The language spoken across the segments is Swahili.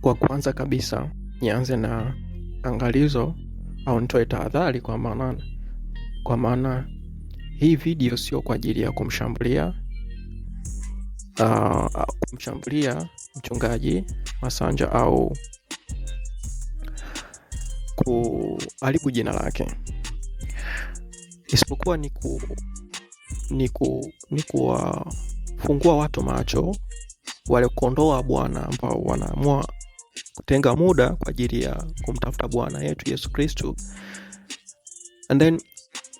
Kwa kwanza kabisa nianze na angalizo au nitoe tahadhari, kwa maana kwa maana hii video sio kwa ajili ya kumshambulia uh, kumshambulia mchungaji Masanja au kuharibu jina lake, isipokuwa ni ku ni ku ni kuwafungua watu macho wale kondoa Bwana ambao wanaamua kutenga muda kwa ajili ya kumtafuta bwana yetu yesu kristu and then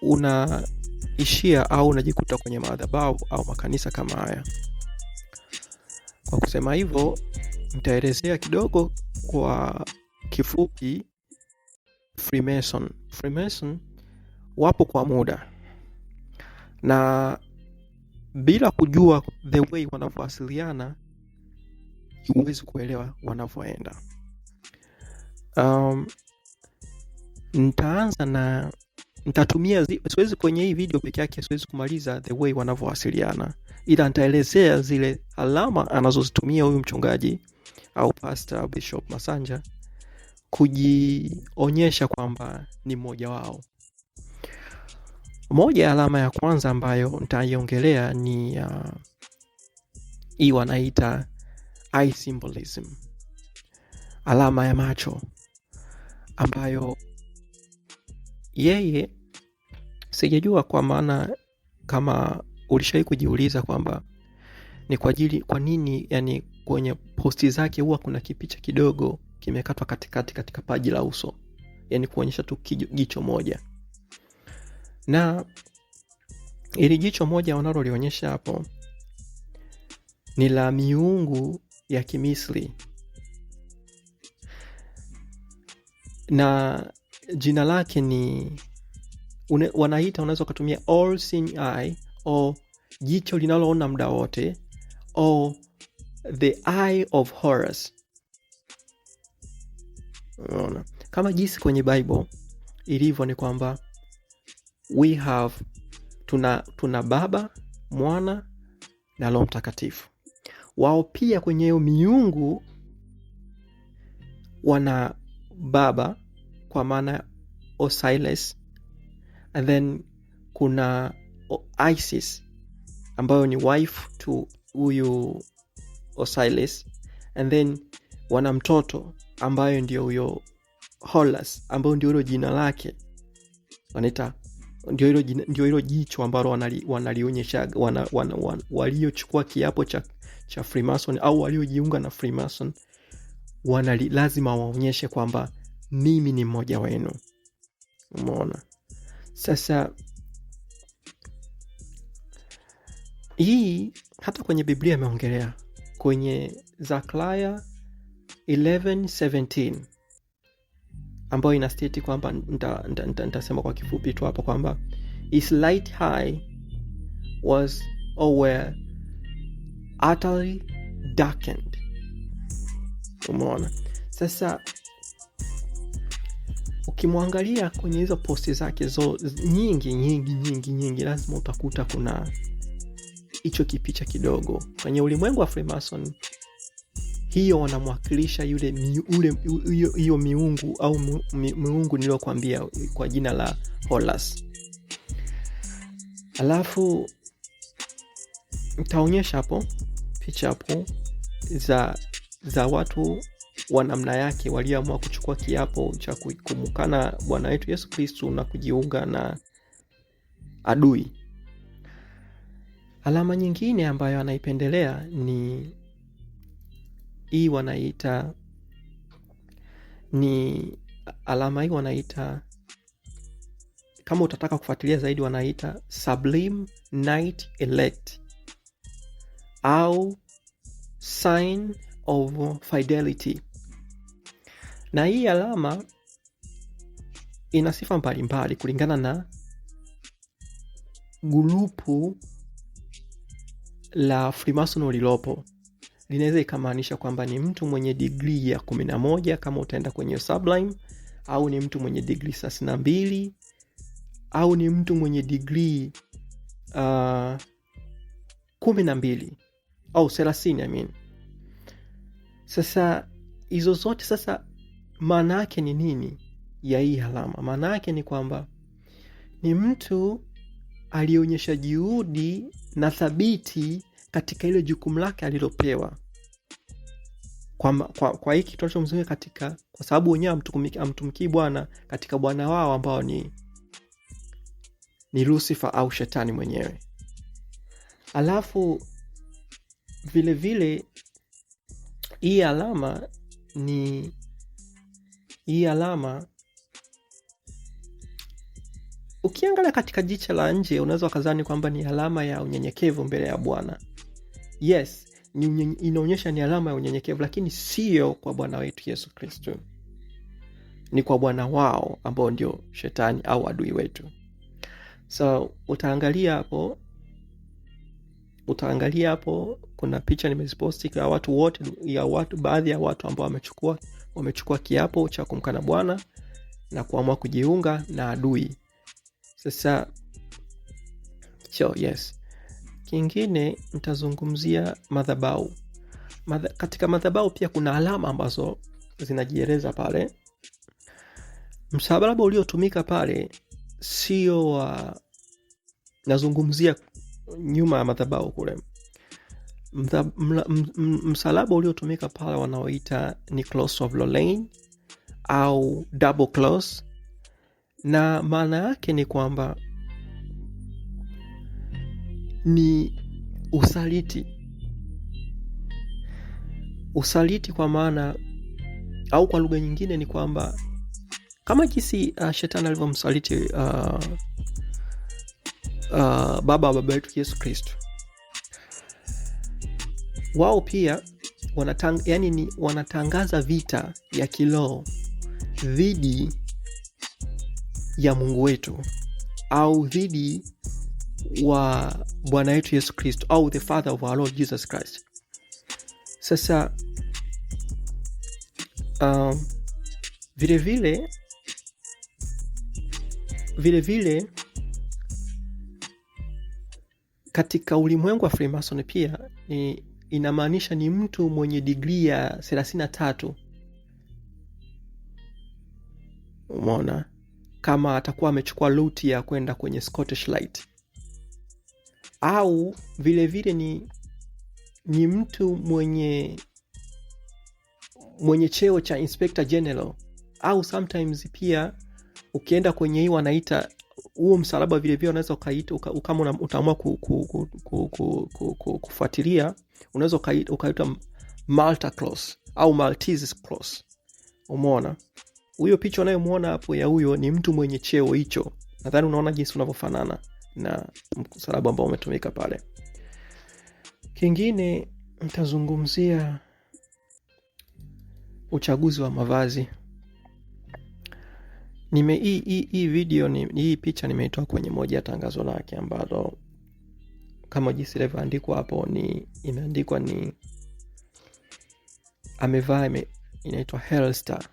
unaishia au unajikuta kwenye madhabahu au makanisa kama haya kwa kusema hivyo nitaelezea kidogo kwa kifupi freemason freemason wapo kwa muda na bila kujua the way wanavyowasiliana huwezi kuelewa wanavyoenda. Um, nitaanza na nitatumia, siwezi kwenye hii video peke yake, siwezi kumaliza the way wanavyowasiliana, ila nitaelezea zile alama anazozitumia huyu mchungaji au pasta Bishop Masanja kujionyesha kwamba ni mmoja wao. Moja ya alama ya kwanza ambayo nitaiongelea ni uh, hii wanaita eye symbolism, alama ya macho ambayo yeye sijajua, kwa maana kama ulishawai kujiuliza kwamba ni kwa ajili kwa nini, yani kwenye posti zake huwa kuna kipicha kidogo kimekatwa katikati katika paji la uso, yani kuonyesha tu jicho moja, na ili jicho moja wanalolionyesha hapo ni la miungu ya na jina lake ni une, wanaita unaweza ukatumia all seeing eye jicho linaloona muda wote o the eye of Horus. Ona. kama jinsi kwenye Bible ilivyo ni kwamba we have tuna, tuna Baba, Mwana na Roho Mtakatifu wao pia kwenye hiyo miungu wana baba kwa maana osiles and then kuna Isis ambayo ni wife to huyu osiles and then wana mtoto ambayo ndio huyo holas ambayo ndio hilo jina lake wanaita ndio hilo jicho ambalo wanalionyeshaga wana, waliochukua kiapo cha cha Freemason au waliojiunga na Freemason wana lazima waonyeshe kwamba mimi ni mmoja wenu. Umeona? Sasa hii hata kwenye Biblia imeongelea kwenye Zakaria 11:17 ambayo ina state kwamba nitasema kwa kifupi tu hapo kwamba his light high was or utterly darkened. Umeona? Sasa ukimwangalia kwenye hizo posti zake zo nyingi nyingi nyingi nyingi, lazima utakuta kuna hicho kipicha kidogo. Kwenye ulimwengu wa Freemason hiyo wanamwakilisha yule ule hiyo miungu au mi, miungu niliyokwambia kwa jina la Holas. Alafu ntaonyesha hapo hapo za, za watu wa namna yake walioamua kuchukua kiapo cha kumkana Bwana wetu Yesu Kristu na kujiunga na adui. Alama nyingine ambayo anaipendelea ni hii, wanaita ni alama hii wanaita, kama utataka kufuatilia zaidi, wanaita Sublime Night Elect au sign of fidelity, na hii alama ina sifa mbalimbali kulingana na gurupu la Freemason lilopo linaweza ikamaanisha kwamba ni mtu mwenye digrii ya 11 kama utaenda kwenye Sublime, au ni mtu mwenye digri thelathini na mbili au ni mtu mwenye digrii uh, kumi au oh, thelathini I mean. Sasa hizo zote sasa, maana yake ni nini ya hii alama? Maana yake ni kwamba ni mtu alionyesha juhudi na thabiti katika ile jukumu lake alilopewa kwa, kwa, kwa hiki tunachomzunguka katika, kwa sababu wenyewe amtumkii Bwana katika bwana wao ambao ni ni Lucifer au shetani mwenyewe. Alafu vile vile hii alama ni hii alama ukiangalia katika jicha la nje unaweza wakazani kwamba ni alama ya unyenyekevu mbele ya Bwana. Yes, inaonyesha ni alama ya unyenyekevu, lakini sio kwa Bwana wetu Yesu Kristo, ni kwa bwana wao ambao ndio shetani au adui wetu. So utaangalia hapo utaangalia hapo kuna picha nimeziposti ya watu wote ya watu baadhi ya watu ambao wamechukua wamechukua kiapo cha kumkana bwana na kuamua kujiunga na adui sasa so yes kingine nitazungumzia madhabau Madha, katika madhabau pia kuna alama ambazo zinajieleza pale msalaba uliotumika pale sio wa nazungumzia nyuma ya madhabahu kule msalaba uliotumika pale wanaoita ni close of au double na maana yake ni kwamba ni usaliti, usaliti kwa maana au kwa lugha nyingine ni kwamba kama jinsi uh, shetani alivyomsaliti uh, uh, baba wa baba yetu Yesu Kristo. Wao pia wanatang, yani ni, wanatangaza vita ya kiloo dhidi ya Mungu wetu au dhidi wa Bwana wetu Yesu Kristo au the father of our Lord Jesus Christ. Sasa um, vilevile vilevile katika ulimwengu wa Freemason pia ni inamaanisha ni mtu mwenye digrii ya thelathini na tatu. umona kama atakuwa amechukua luti ya kwenda kwenye Scottish Rite au vilevile ni, ni mtu mwenye mwenye cheo cha Inspector General au sometimes pia ukienda kwenye hii wanaita huo msalaba vilevile unaweza kama utaamua ku, ku, ku, ku, ku, ku, ku, kufuatilia unaweza ukaita malta cross au maltese cross umeona huyo picha unayemwona hapo ya huyo ni mtu mwenye cheo hicho nadhani unaona jinsi unavyofanana na msalaba ambao umetumika pale kingine ntazungumzia uchaguzi wa mavazi Nime hii hii video ni, hii picha nimeitoa kwenye moja ya tangazo lake ambalo kama jinsi ilivyoandikwa hapo ni imeandikwa ni amevaa ime, inaitwa Hellstar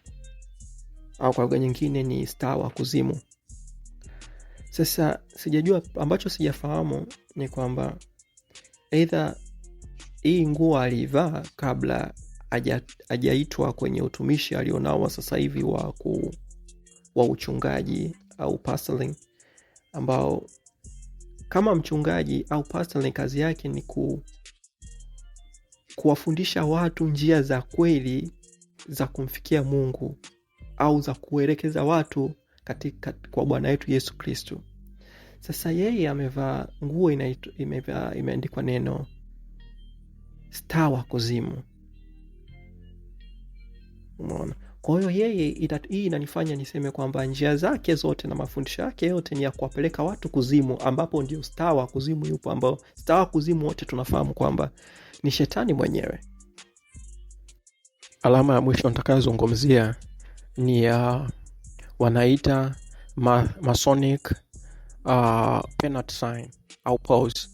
au kwa lugha nyingine ni star wa kuzimu. Sasa sijajua, ambacho sijafahamu ni kwamba eidha hii nguo aliivaa kabla ajaitwa kwenye utumishi alionao wa sasa hivi wa ku wa uchungaji au pastoring, ambao kama mchungaji au pastoring kazi yake ni ku, kuwafundisha watu njia za kweli za kumfikia Mungu au za kuelekeza watu katika kwa Bwana wetu Yesu Kristo. Sasa yeye amevaa nguo imeandikwa neno staa wa kuzimu. Umeona? Kwa hiyo yeye ita, hii inanifanya niseme kwamba njia zake zote na mafundisho yake yote ni ya kuwapeleka watu kuzimu, ambapo ndio stawa wa kuzimu yupo, ambao stawa kuzimu wote tunafahamu kwamba ni shetani mwenyewe. Alama ya mwisho nitakayozungumzia ni ya uh, wanaita ma masonic uh, penat sign au pause,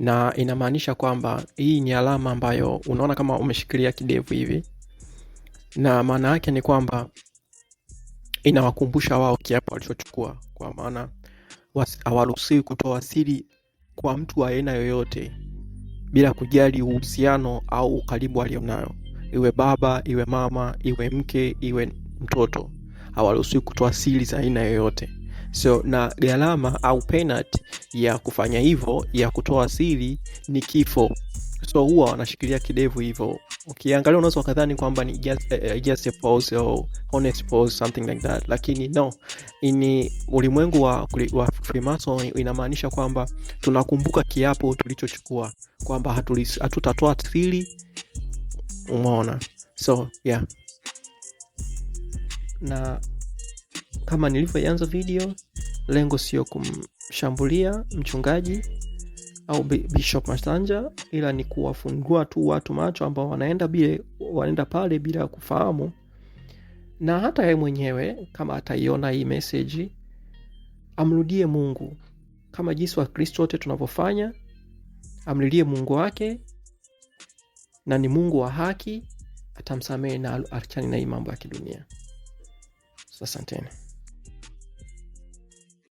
na inamaanisha kwamba hii ni alama ambayo unaona kama umeshikilia kidevu hivi na maana yake ni kwamba inawakumbusha wao kiapo walichochukua, kwa maana hawaruhusiwi kutoa siri kwa mtu wa aina yoyote bila kujali uhusiano au ukaribu alionayo, iwe baba, iwe mama, iwe mke, iwe mtoto. Hawaruhusiwi kutoa siri za aina yoyote. So, na gharama au penat ya kufanya hivyo ya kutoa siri ni kifo so huwa wanashikilia kidevu hivyo. Ukiangalia unaweza ukadhani kwamba ni just, uh, just a pose or pose something like that, lakini no, ni ulimwengu wa, wa Freemason inamaanisha kwamba tunakumbuka kiapo tulichochukua kwamba hatutatoa siri, umeona? So yeah, na kama nilivyoianza video, lengo sio kumshambulia mchungaji au Bishop Masanja, ila ni kuwafungua tu watu macho ambao wanaenda bile, wanaenda pale bila kufahamu, na hata yeye mwenyewe kama ataiona hii meseji amrudie Mungu kama jinsi Wakristo wote tunavyofanya, amlilie Mungu wake, na ni Mungu wa haki, atamsamehe na achane na hii mambo ya kidunia. Asanteni.